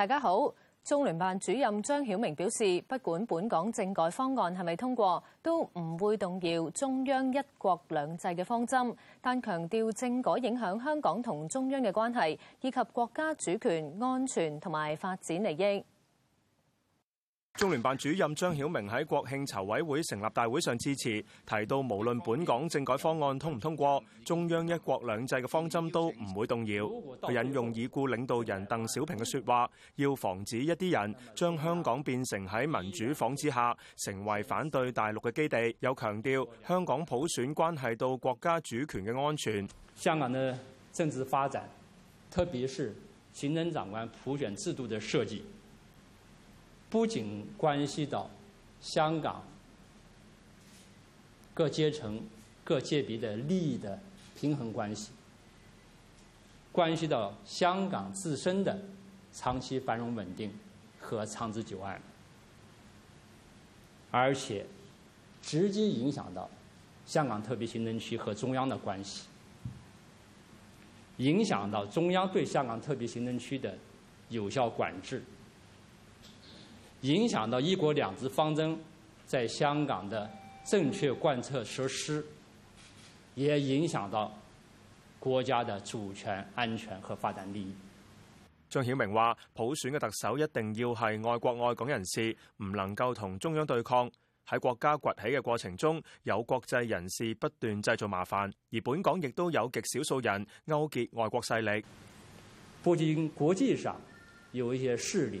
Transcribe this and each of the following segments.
大家好，中聯辦主任張曉明表示，不管本港政改方案係咪通過，都唔會動搖中央一國兩制嘅方針，但強調政改影響香港同中央嘅關係，以及國家主權安全同埋發展利益。中聯辦主任張曉明喺國慶籌委會成立大會上致辭，提到無論本港政改方案通唔通過，中央一國兩制嘅方針都唔會動搖。佢引用已故領導人鄧小平嘅説話，要防止一啲人將香港變成喺民主幌子下成為反對大陸嘅基地。又強調香港普選關係到國家主權嘅安全。香港嘅政治發展，特別是行政長官普選制度嘅設計。不僅關係到香港各階層、各界別的利益的平衡關係，關係到香港自身的長期繁榮穩定和長治久安，而且直接影響到香港特別行政區和中央的關係，影響到中央對香港特別行政區的有效管制。影響到“一國兩制”方針在香港的正確貫徹實施，也影響到國家的主權安全和發展利益。張曉明話，普選嘅特首一定要係愛國愛港人士，唔能夠同中央對抗。喺國家崛起嘅過程中，有國際人士不斷製造麻煩，而本港亦都有極少數人勾結外國勢力。不僅國際上有一些勢力。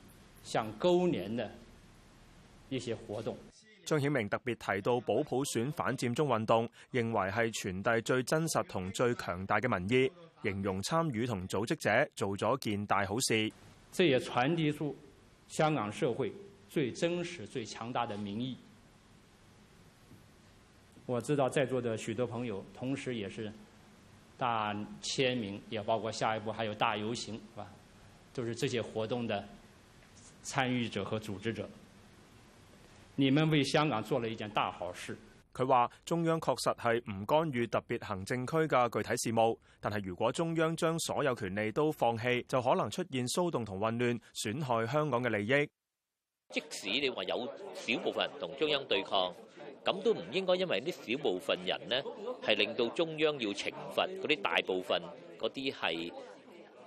像勾連的一些活動。張曉明特別提到保普選反佔中運動，認為係傳遞最真實同最強大嘅民意，形容參與同組織者做咗件大好事。這也傳遞出香港社會最真實、最強大的民意。我知道在座的許多朋友，同時也是大簽名，也包括下一步還有大遊行，係嘛？都是這些活動的。參與者和組織者，你們為香港做了一件大好事。佢話中央確實係唔干預特別行政區嘅具體事務，但係如果中央將所有權力都放棄，就可能出現騷動同混亂，損害香港嘅利益。即使你話有少部分人同中央對抗，咁都唔應該因為呢少部分人呢係令到中央要懲罰嗰啲大部分嗰啲係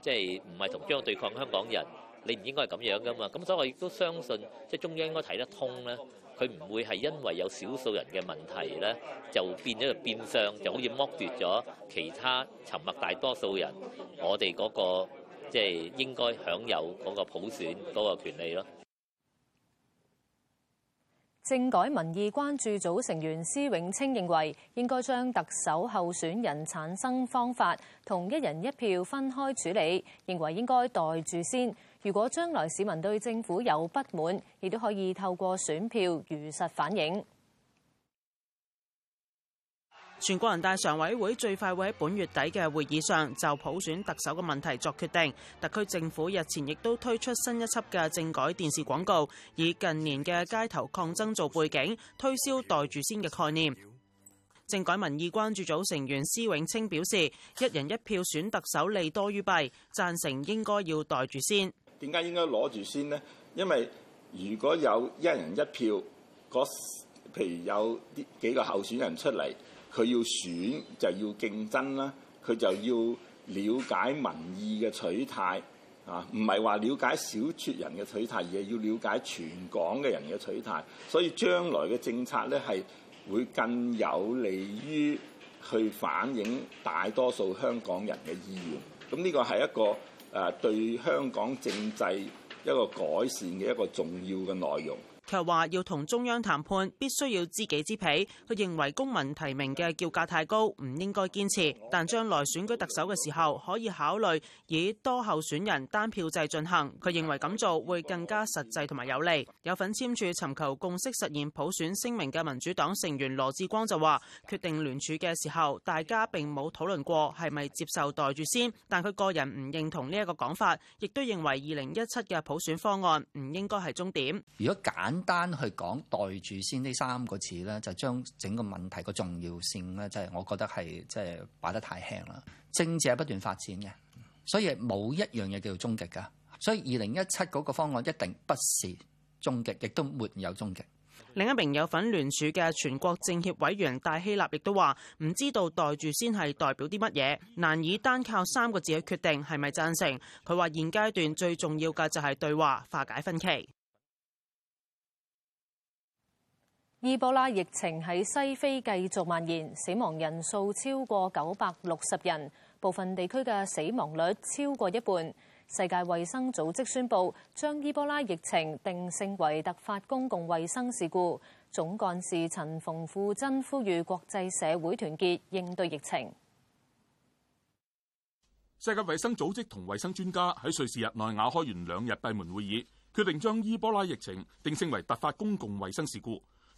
即係唔係同中央對抗香港人。你唔應該係咁樣噶嘛？咁所以我亦都相信，即係中央應該睇得通咧。佢唔會係因為有少數人嘅問題咧，就變咗變相就好似剝奪咗其他沉默大多數人我哋嗰個即係應該享有嗰個普選嗰個權利咯。政改民意關注組成員施永清認為，應該將特首候選人產生方法同一人一票分開處理，認為應該袋住先。如果將來市民對政府有不滿，亦都可以透過選票如實反映。全國人大常委會最快會喺本月底嘅會議上就普選特首嘅問題作決定。特區政府日前亦都推出新一輯嘅政改電視廣告，以近年嘅街頭抗爭做背景，推銷袋住先嘅概念。政改民意關注組成員施永清表示，一人一票選特首利多於弊，贊成應該要袋住先。點解應該攞住先呢？因為如果有一人一票，嗰譬如有啲幾個候選人出嚟，佢要選就要競爭啦，佢就要了解民意嘅取態啊，唔係話了解小撮人嘅取態，而係要了解全港嘅人嘅取態。所以將來嘅政策咧，係會更有利於去反映大多數香港人嘅意願。咁呢個係一個。誒，對香港政制一個改善嘅一個重要嘅內容。佢話要同中央談判，必須要知己知彼。佢認為公民提名嘅叫價太高，唔應該堅持。但將來選舉特首嘅時候，可以考慮以多候選人單票制進行。佢認為咁做會更加實際同埋有利。有份簽署尋求共識實現普選聲明嘅民主黨成員羅致光就話：決定聯署嘅時候，大家並冇討論過係咪接受袋住先。但佢個人唔認同呢一個講法，亦都認為二零一七嘅普選方案唔應該係終點。如果揀簡單去講袋住先呢三個字咧，就將整個問題個重要性咧，就係我覺得係即係擺得太輕啦。政治係不斷發展嘅，所以冇一樣嘢叫做終極㗎。所以二零一七嗰個方案一定不是終極，亦都沒有終極。另一名有份聯署嘅全國政協委員戴希立亦都話：唔知道袋住先係代表啲乜嘢，難以單靠三個字嘅決定係咪贊成。佢話現階段最重要嘅就係對話化解分歧。伊波拉疫情喺西非繼續蔓延，死亡人數超過九百六十人，部分地區嘅死亡率超過一半。世界衛生組織宣布將伊波拉疫情定性為突發公共衛生事故。總幹事陳馮富珍呼籲國際社會團結應對疫情。世界衛生組織同衞生專家喺瑞士日內瓦開完兩日閉門會議，決定將伊波拉疫情定性為突發公共衛生事故。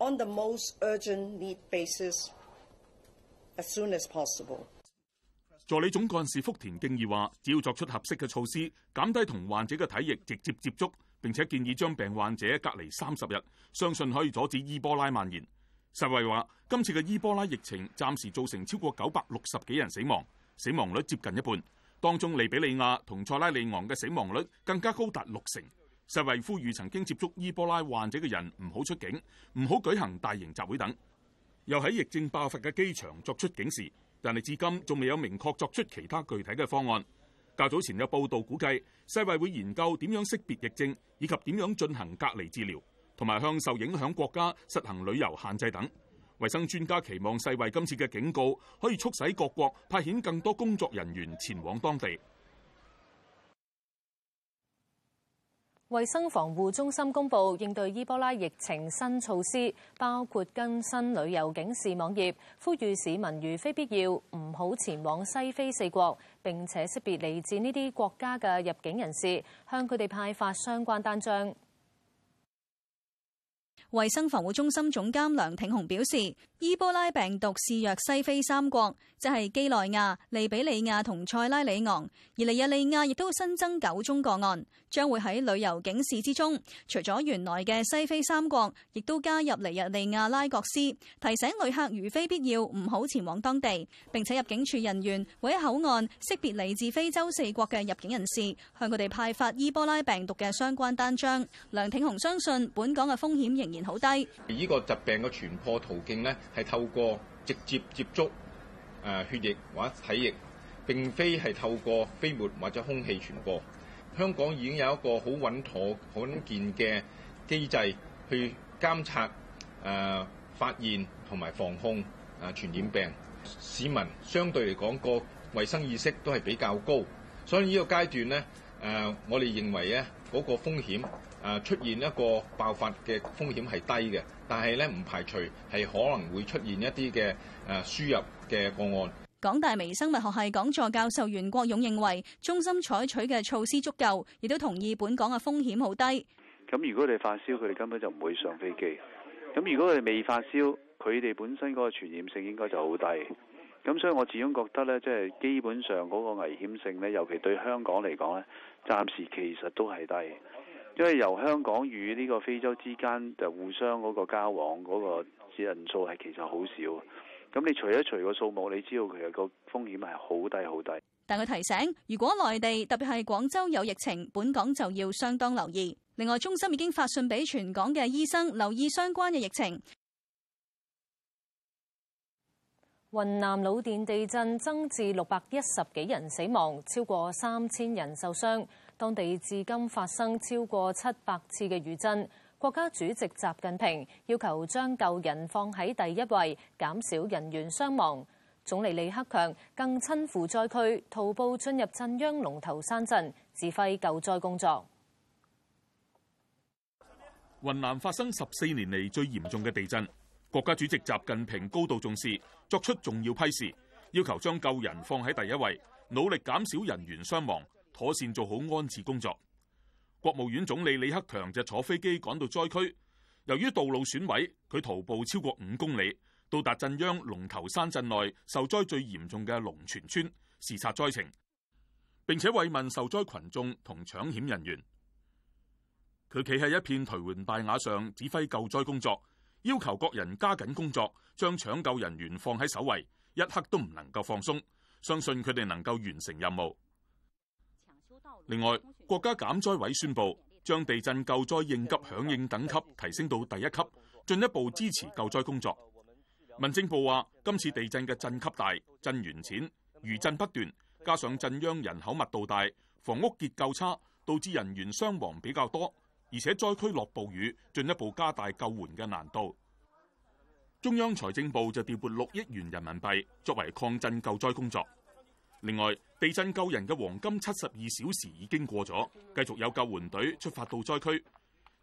On the most urgent need basis, as soon as possible. 助理總幹事福田敬二話，只要作出合適嘅措施，減低同患者嘅體液直接接觸，並且建議將病患者隔離三十日，相信可以阻止伊波拉蔓延。世衞話，今次嘅伊波拉疫情暫時造成超過九百六十幾人死亡，死亡率接近一半，當中利比里亞同塞拉利昂嘅死亡率更加高達六成。世衛呼籲曾經接觸伊波拉患者嘅人唔好出境，唔好舉行大型集會等，又喺疫症爆發嘅機場作出警示，但係至今仲未有明確作出其他具體嘅方案。較早前有報道估計，世衛會研究點樣識別疫症，以及點樣進行隔離治療，同埋向受影響國家實行旅遊限制等。衛生專家期望世衛今次嘅警告可以促使各國派遣更多工作人員前往當地。衛生防護中心公布應對伊波拉疫情新措施，包括更新旅遊警示網頁，呼籲市民如非必要唔好前往西非四國，並且識別嚟自呢啲國家嘅入境人士，向佢哋派發相關單張。衛生防護中心總監梁挺雄表示。伊波拉病毒肆虐西非三國，即係幾內亞、利比里亞同塞拉里昂，而尼日利亞亦都新增九宗個案，將會喺旅遊警示之中。除咗原來嘅西非三國，亦都加入尼日利亞拉各斯，提醒旅客如非必要唔好前往當地，並且入境處人員會喺口岸識別嚟自非洲四國嘅入境人士，向佢哋派發伊波拉病毒嘅相關單張。梁挺雄相信本港嘅風險仍然好低，而呢、這個疾病嘅傳播途徑呢？係透過直接接觸血液或者體液，並非係透過飛沫或者空氣傳播。香港已經有一個好穩妥罕健嘅機制去監察誒發現同埋防控啊傳染病，市民相對嚟講個衛生意識都係比較高，所以呢個階段咧我哋認為咧嗰個風險，誒出現一個爆發嘅風險係低嘅，但係咧唔排除係可能會出現一啲嘅誒輸入嘅個案。港大微生物學系講座教授袁國勇認為，中心採取嘅措施足夠，亦都同意本港嘅風險好低。咁如果佢哋發燒，佢哋根本就唔會上飛機。咁如果佢哋未發燒，佢哋本身嗰個傳染性應該就好低。咁所以我始終覺得咧，即係基本上嗰個危險性咧，尤其對香港嚟講咧，暫時其實都係低。因為由香港與呢個非洲之間就互相嗰個交往嗰個人數係其實好少，咁你除一除個數目，你知道其實個風險係好低好低。但佢提醒，如果內地特別係廣州有疫情，本港就要相當留意。另外，中心已經發信俾全港嘅醫生留意相關嘅疫情。雲南魯甸地震增至六百一十幾人死亡，超過三千人受傷。當地至今發生超過七百次嘅餘震。國家主席習近平要求將救人放喺第一位，減少人員傷亡。總理李克強更親赴災區，徒步進入震央龍頭山鎮，指揮救災工作。雲南發生十四年嚟最嚴重嘅地震，國家主席習近平高度重視，作出重要批示，要求將救人放喺第一位，努力減少人員傷亡。妥善做好安置工作。國務院總理李克強就坐飛機趕到災區，由於道路損毀，佢徒步超過五公里，到達震央龍頭山鎮內受災最嚴重嘅龍泉村視察災情，並且慰問受災群眾同搶險人員。佢企喺一片頹垣敗瓦上指揮救災工作，要求各人加緊工作，將搶救人員放喺首位，一刻都唔能夠放鬆，相信佢哋能夠完成任務。另外，國家減災委宣布將地震救災應急響應等級提升到第一級，進一步支持救災工作。民政部話：今次地震嘅震級大、震源淺、餘震不斷，加上震央人口密度大、房屋結構差，導致人員傷亡比較多，而且災區落暴雨，進一步加大救援嘅難度。中央財政部就調撥六億元人民幣作為抗震救災工作。另外，地震救人嘅黃金七十二小時已經過咗，繼續有救援隊出發到災區。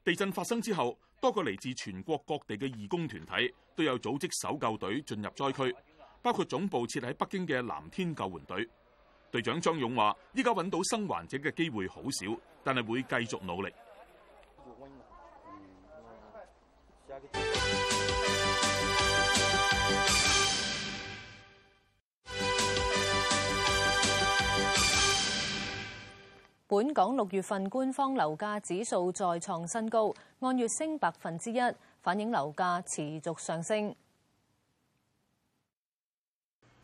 地震發生之後，多個嚟自全國各地嘅義工團體都有組織搜救隊進入災區，包括總部設喺北京嘅藍天救援隊。隊長張勇話，依家揾到生還者嘅機會好少，但係會繼續努力。本港六月份官方樓價指數再創新高，按月升百分之一，反映樓價持續上升。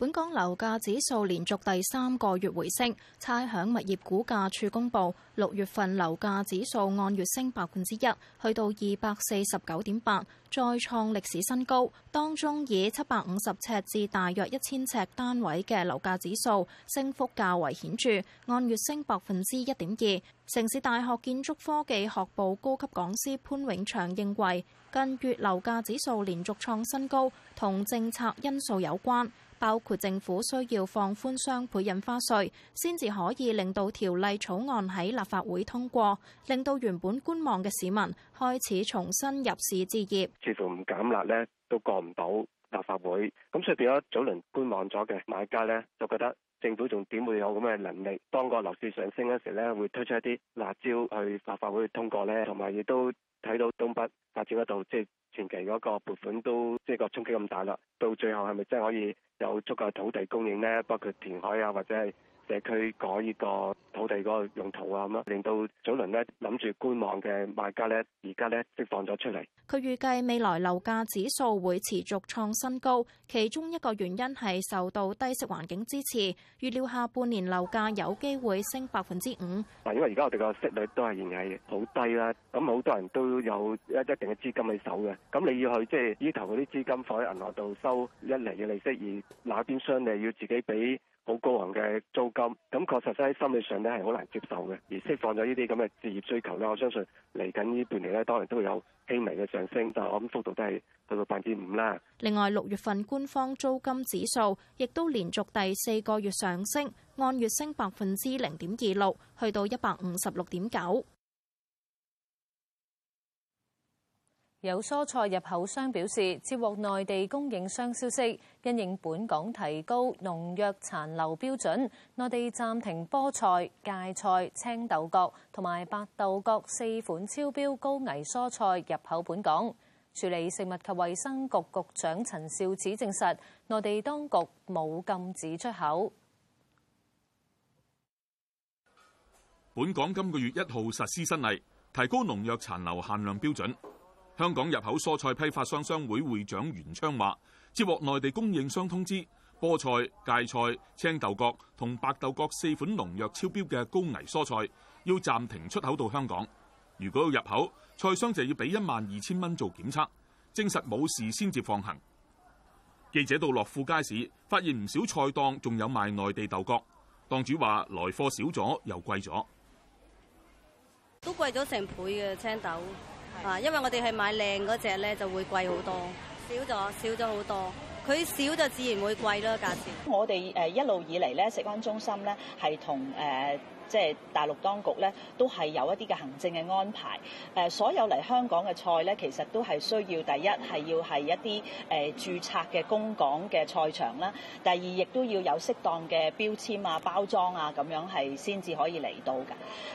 本港樓價指數連續第三個月回升，差餉物業估價處公布六月份樓價指數按月升百分之一，去到二百四十九點八，再創歷史新高。當中以七百五十尺至大約一千尺單位嘅樓價指數升幅較為顯著，按月升百分之一點二。城市大學建築科技學部高級講師潘永祥認為，近月樓價指數連續創新高，同政策因素有關。包括政府需要放寬雙倍印花稅，先至可以令到條例草案喺立法會通過，令到原本觀望嘅市民開始重新入市置業，似乎唔減辣咧，都過唔到立法會，咁所以變咗早輪觀望咗嘅買家咧，就覺得。政府仲點會有咁嘅能力？當個樓市上升嗰時咧，會推出一啲辣招去立法會通過咧，同埋亦都睇到東北發展嗰度，即係前期嗰個撥款都即係、就是、個衝擊咁大啦。到最後係咪真係可以有足夠土地供應咧？包括填海啊，或者係。社區改呢個土地嗰個用途啊，咁樣令到早輪咧諗住觀望嘅賣家咧，而家咧釋放咗出嚟。佢預計未來樓價指數會持續創新高，其中一個原因係受到低息環境支持，預料下半年樓價有機會升百分之五。嗱，因為而家我哋個息率都係仍係好低啦，咁好多人都有一一定嘅資金喺手嘅，咁你要去即係呢頭啲資金放喺銀行度收一釐嘅利息，而那邊商你要自己俾。好高昂嘅租金，咁確實真喺心理上咧係好難接受嘅，而釋放咗呢啲咁嘅置業需求咧，我相信嚟緊呢半年咧，當然都會有輕微嘅上升，但係我諗幅度都係去到百分之五啦。另外，六月份官方租金指數亦都連續第四個月上升，按月升百分之零點二六，去到一百五十六點九。有蔬菜入口商表示，接獲內地供應商消息，因應本港提高農藥殘留標準，內地暫停菠菜、芥菜、青豆角同埋白豆角四款超標高危蔬菜入口本港。處理食物及衛生局局長陳肇始證實，內地當局冇禁止出口。本港今個月一號實施新例，提高農藥殘留限量標準。香港入口蔬菜批發商商會會長袁昌話：接獲內地供應商通知，菠菜、芥菜、青豆角同白豆角四款農藥超標嘅高危蔬菜要暫停出口到香港。如果要入口，菜商就要俾一萬二千蚊做檢測，證實冇事先至放行。記者到樂富街市，發現唔少菜檔仲有賣內地豆角，檔主話來貨少咗，又貴咗，都貴咗成倍嘅青豆。啊，因為我哋係買靚嗰隻咧，就會貴好多。少咗，少咗好多。佢少就自然會貴咯，價錢。我哋誒一路以嚟咧，食安中心咧係同誒。即、就、係、是、大陸當局咧，都係有一啲嘅行政嘅安排。誒所有嚟香港嘅菜咧，其實都係需要第一係要係一啲誒、呃、注冊嘅供港嘅菜場啦。第二，亦都要有適當嘅標籤啊、包裝啊，咁樣係先至可以嚟到嘅。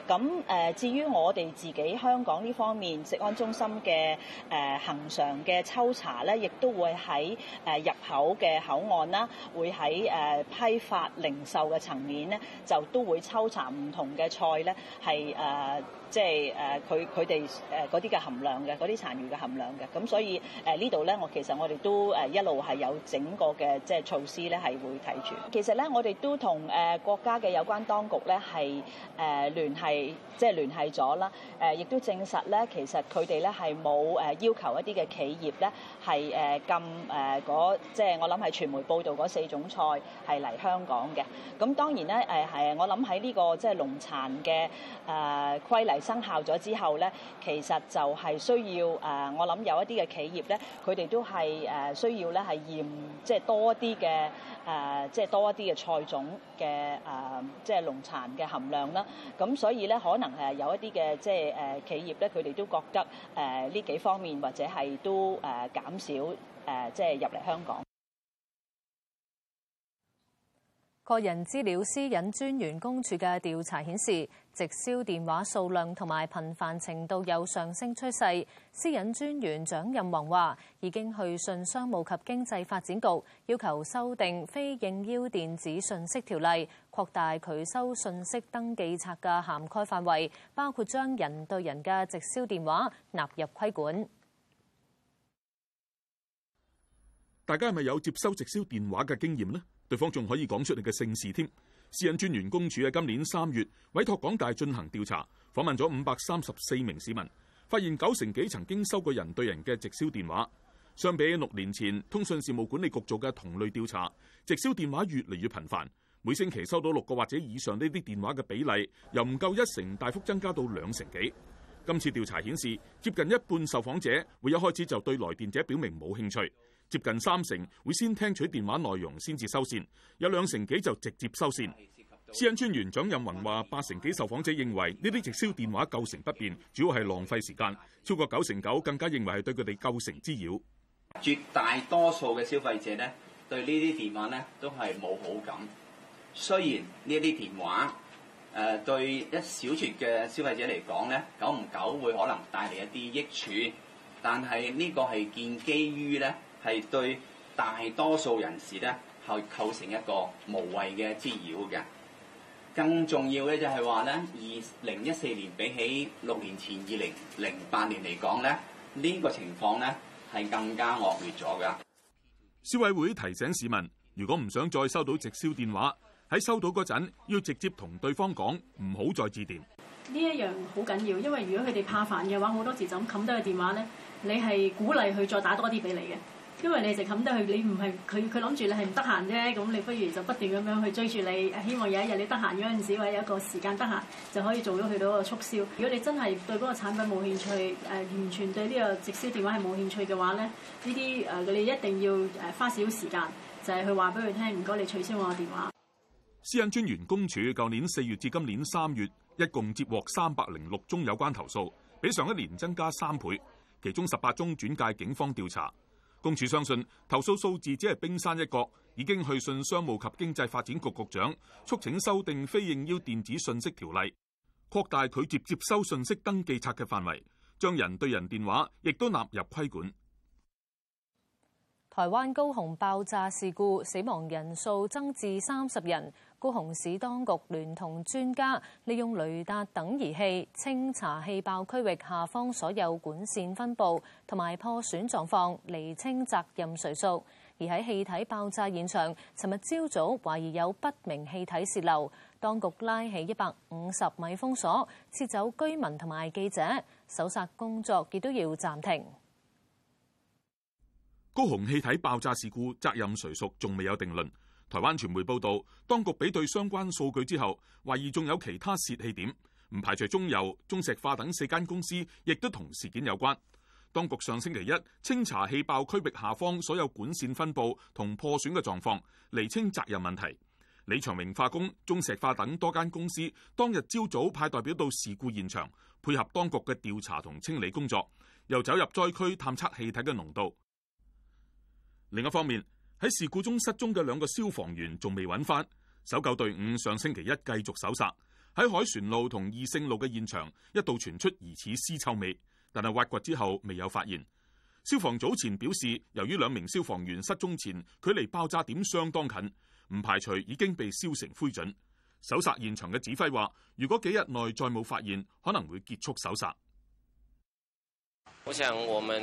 咁誒、呃，至於我哋自己香港呢方面，食安中心嘅誒恒常嘅抽查咧，亦都會，喺、呃、誒入口嘅口岸啦，會，喺、呃、誒批發零售嘅層面咧，就都會抽查。唔同嘅菜咧，係誒。即係誒佢佢哋誒嗰啲嘅含量嘅，嗰啲殘餘嘅含量嘅，咁所以誒呢度咧，我其實我哋都誒一路係有整個嘅即係措施咧，係會睇住。其實咧，我哋都同誒國家嘅有關當局咧係誒聯繫，即係聯繫咗啦。誒，亦都證實咧，其實佢哋咧係冇誒要求一啲嘅企業咧係誒禁誒嗰、呃、即係我諗係傳媒報道嗰四種菜係嚟香港嘅。咁當然咧，誒係我諗喺呢個即係農殘嘅誒規例，生效咗之後咧，其實就係需要誒，我諗有一啲嘅企業咧，佢哋都係誒需要咧，係驗即係多啲嘅誒，即係多一啲嘅菜種嘅誒，即係農殘嘅含量啦。咁所以咧，可能誒有一啲嘅即係誒企業咧，佢哋都覺得誒呢幾方面或者係都誒減少誒即係入嚟香港。個人資料私隱專員公署嘅調查顯示，直銷電話數量同埋頻繁程度有上升趨勢。私隱專員蔣任宏話，已經去信商務及經濟發展局，要求修訂《非應邀電子信息條例》，擴大拒收信息登記冊嘅涵蓋範圍，包括將人對人嘅直銷電話納入規管。大家係咪有接收直銷電話嘅經驗呢？對方仲可以講出你嘅姓氏添。私隱專員公署喺今年三月委託港大進行調查，訪問咗五百三十四名市民，發現九成幾曾經收過人對人嘅直銷電話。相比六年前通訊事務管理局做嘅同類調查，直銷電話越嚟越頻繁，每星期收到六個或者以上呢啲電話嘅比例由唔夠一成，大幅增加到兩成幾。今次調查顯示，接近一半受訪者會一開始就對來電者表明冇興趣。接近三成會先聽取電話內容先至收線，有兩成幾就直接收線。私隱專員蔣任宏話：八成幾受訪者認為呢啲直銷電話構成不便，主要係浪費時間，超過九成九更加認為係對佢哋構成滋擾。絕大多數嘅消費者咧對呢啲電話咧都係冇好感。雖然呢啲電話誒對一小撮嘅消費者嚟講咧，久唔久會可能帶嚟一啲益處，但係呢個係建基於咧。係對大多數人士咧，構構成一個無謂嘅滋擾嘅。更重要嘅就係話咧，二零一四年比起六年前二零零八年嚟講咧，呢個情況咧係更加惡劣咗噶。消委會提醒市民，如果唔想再收到直銷電話，喺收到嗰陣要直接同對方講唔好再致電。呢一樣好緊要，因為如果佢哋怕煩嘅話，好多時就咁冚低個電話咧，你係鼓勵佢再打多啲俾你嘅。因為你就冚得去，你唔係佢，佢諗住你係唔得閒啫。咁你不如就不斷咁樣去追住你，希望有一日你得閒嗰陣時，或者有一個時間得閒就可以做咗去到嗰個促銷。如果你真係對嗰個產品冇興趣，完全對呢個直銷電話係冇興趣嘅話咧，呢啲誒你一定要花少時間就係、是、去話俾佢聽。唔該，你取消我電話。私隱專員公署，舊年四月至今年三月，一共接獲三百零六宗有關投訴，比上一年增加三倍，其中十八宗轉介警方調查。公署相信投訴數字只係冰山一角，已經去信商務及經濟發展局局長，促請修訂《非應邀電子信息條例》，擴大拒絕接收信息登記冊嘅範圍，將人對人電話亦都納入規管。台灣高雄爆炸事故死亡人數增至三十人。高雄市當局聯同專家，利用雷達等儀器清查氣爆區域下方所有管線分布同埋破損狀況，釐清責任誰屬。而喺氣體爆炸現場，尋日朝早懷疑有不明氣體泄漏，當局拉起一百五十米封鎖，撤走居民同埋記者，搜索工作亦都要暫停。高雄氣體爆炸事故責任誰屬，仲未有定論。台灣傳媒報道，當局比對相關數據之後，懷疑仲有其他洩氣點，唔排除中油、中石化等四間公司亦都同事件有關。當局上星期一清查氣爆區域下方所有管線分布同破損嘅狀況，釐清責任問題。李長榮化工、中石化等多間公司當日朝早派代表到事故現場，配合當局嘅調查同清理工作，又走入災區探測氣體嘅濃度。另一方面，喺事故中失蹤嘅兩個消防員仲未揾翻，搜救隊伍上星期一繼續搜索。喺凱旋路同二聖路嘅現場一度傳出疑似屍臭味，但係挖掘，之後未有發現。消防早前表示，由於兩名消防員失蹤前距離爆炸點相當近，唔排除已經被燒成灰燼。搜索現場嘅指揮話，如果幾日內再冇發現，可能會結束搜索。我想我們。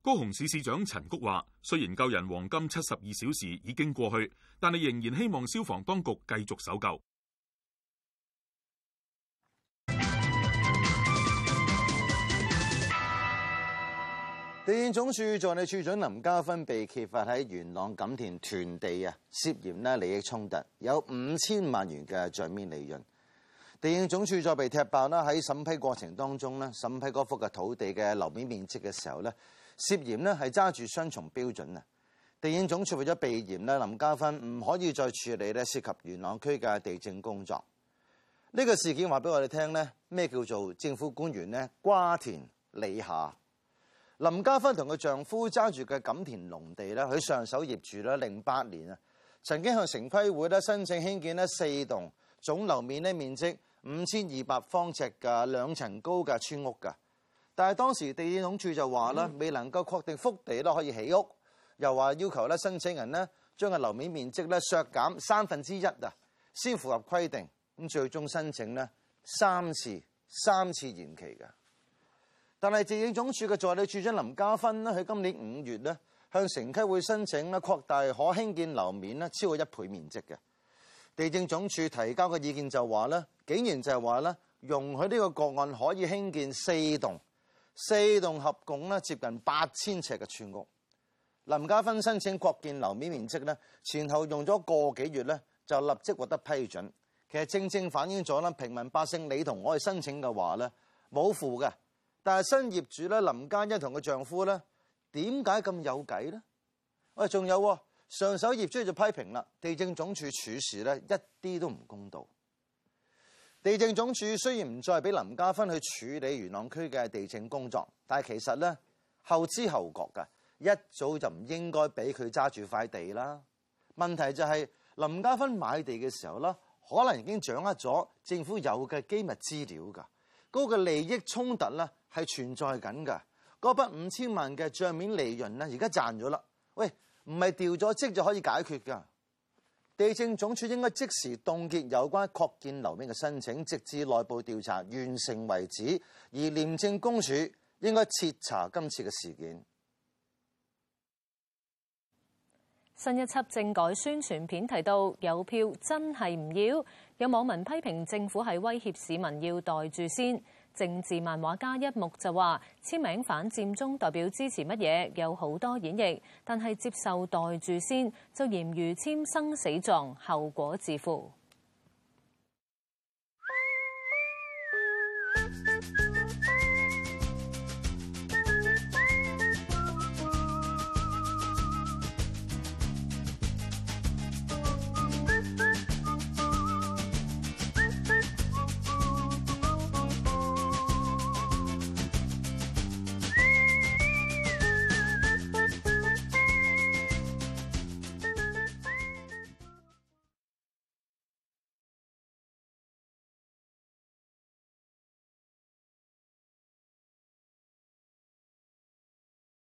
高雄市市長陳菊話，雖然救人黃金七十二小時已經過去，但係仍然希望消防當局繼續搜救。地政總署助理處長林嘉芬被揭發喺元朗錦田囤地啊，涉嫌咧利益衝突，有五千萬元嘅賬面利潤。地政總署再被踢爆啦，喺審批過程當中咧，審批嗰幅嘅土地嘅樓面面積嘅時候咧。涉嫌呢係揸住雙重標準啊！地政總署為咗避嫌咧，林嘉芬唔可以再處理咧涉及元朗區嘅地政工作。呢個事件話俾我哋聽咧，咩叫做政府官員咧瓜田李下？林嘉芬同佢丈夫揸住嘅錦田農地咧，佢上手業住咧零八年啊，曾經向城規會咧申請興建咧四棟總樓面呢面積五千二百方尺嘅兩層高嘅村屋㗎。但係當時地政總署就話咧，未能夠確定覆地都可以起屋，又話要求咧申請人咧將嘅樓面面積咧削減三分之一啊，先符合規定。咁最終申請咧三次三次延期嘅。但係地政總署嘅助理處長林嘉芬咧，喺今年五月咧向城規會申請咧擴大可興建樓面咧超過一倍面積嘅，地政總署提交嘅意見就話咧，竟然就係話咧容許呢個個案可以興建四棟。四棟合共咧接近八千尺嘅村屋，林嘉芬申請擴建樓面面積咧，前後用咗個幾月咧，就立即獲得批准。其實正正反映咗咧，平民百姓你同我哋申請嘅話咧，冇符嘅。但係新業主咧林嘉芬同佢丈夫咧，點解咁有計咧？喂，仲有上手業主就批評啦，地政總署處事咧一啲都唔公道。地政總署雖然唔再俾林嘉芬去處理元朗區嘅地政工作，但係其實咧後知後覺噶，一早就唔應該俾佢揸住塊地啦。問題就係、是、林嘉芬買地嘅時候啦，可能已經掌握咗政府有嘅機密資料噶，嗰、那個利益衝突咧係存在緊噶，嗰筆五千萬嘅賬面利潤咧而家賺咗啦。喂，唔係調咗職就可以解決噶。地政總署應該即時凍結有關擴建樓面嘅申請，直至內部調查完成為止。而廉政公署應該徹查今次嘅事件。新一輯政改宣傳片提到有票真係唔要，有網民批評政府係威脅市民要袋住先。政治漫畫家一目就話，簽名反佔中代表支持乜嘢，有好多演繹，但係接受袋住先，就嚴如簽生死狀，後果自負。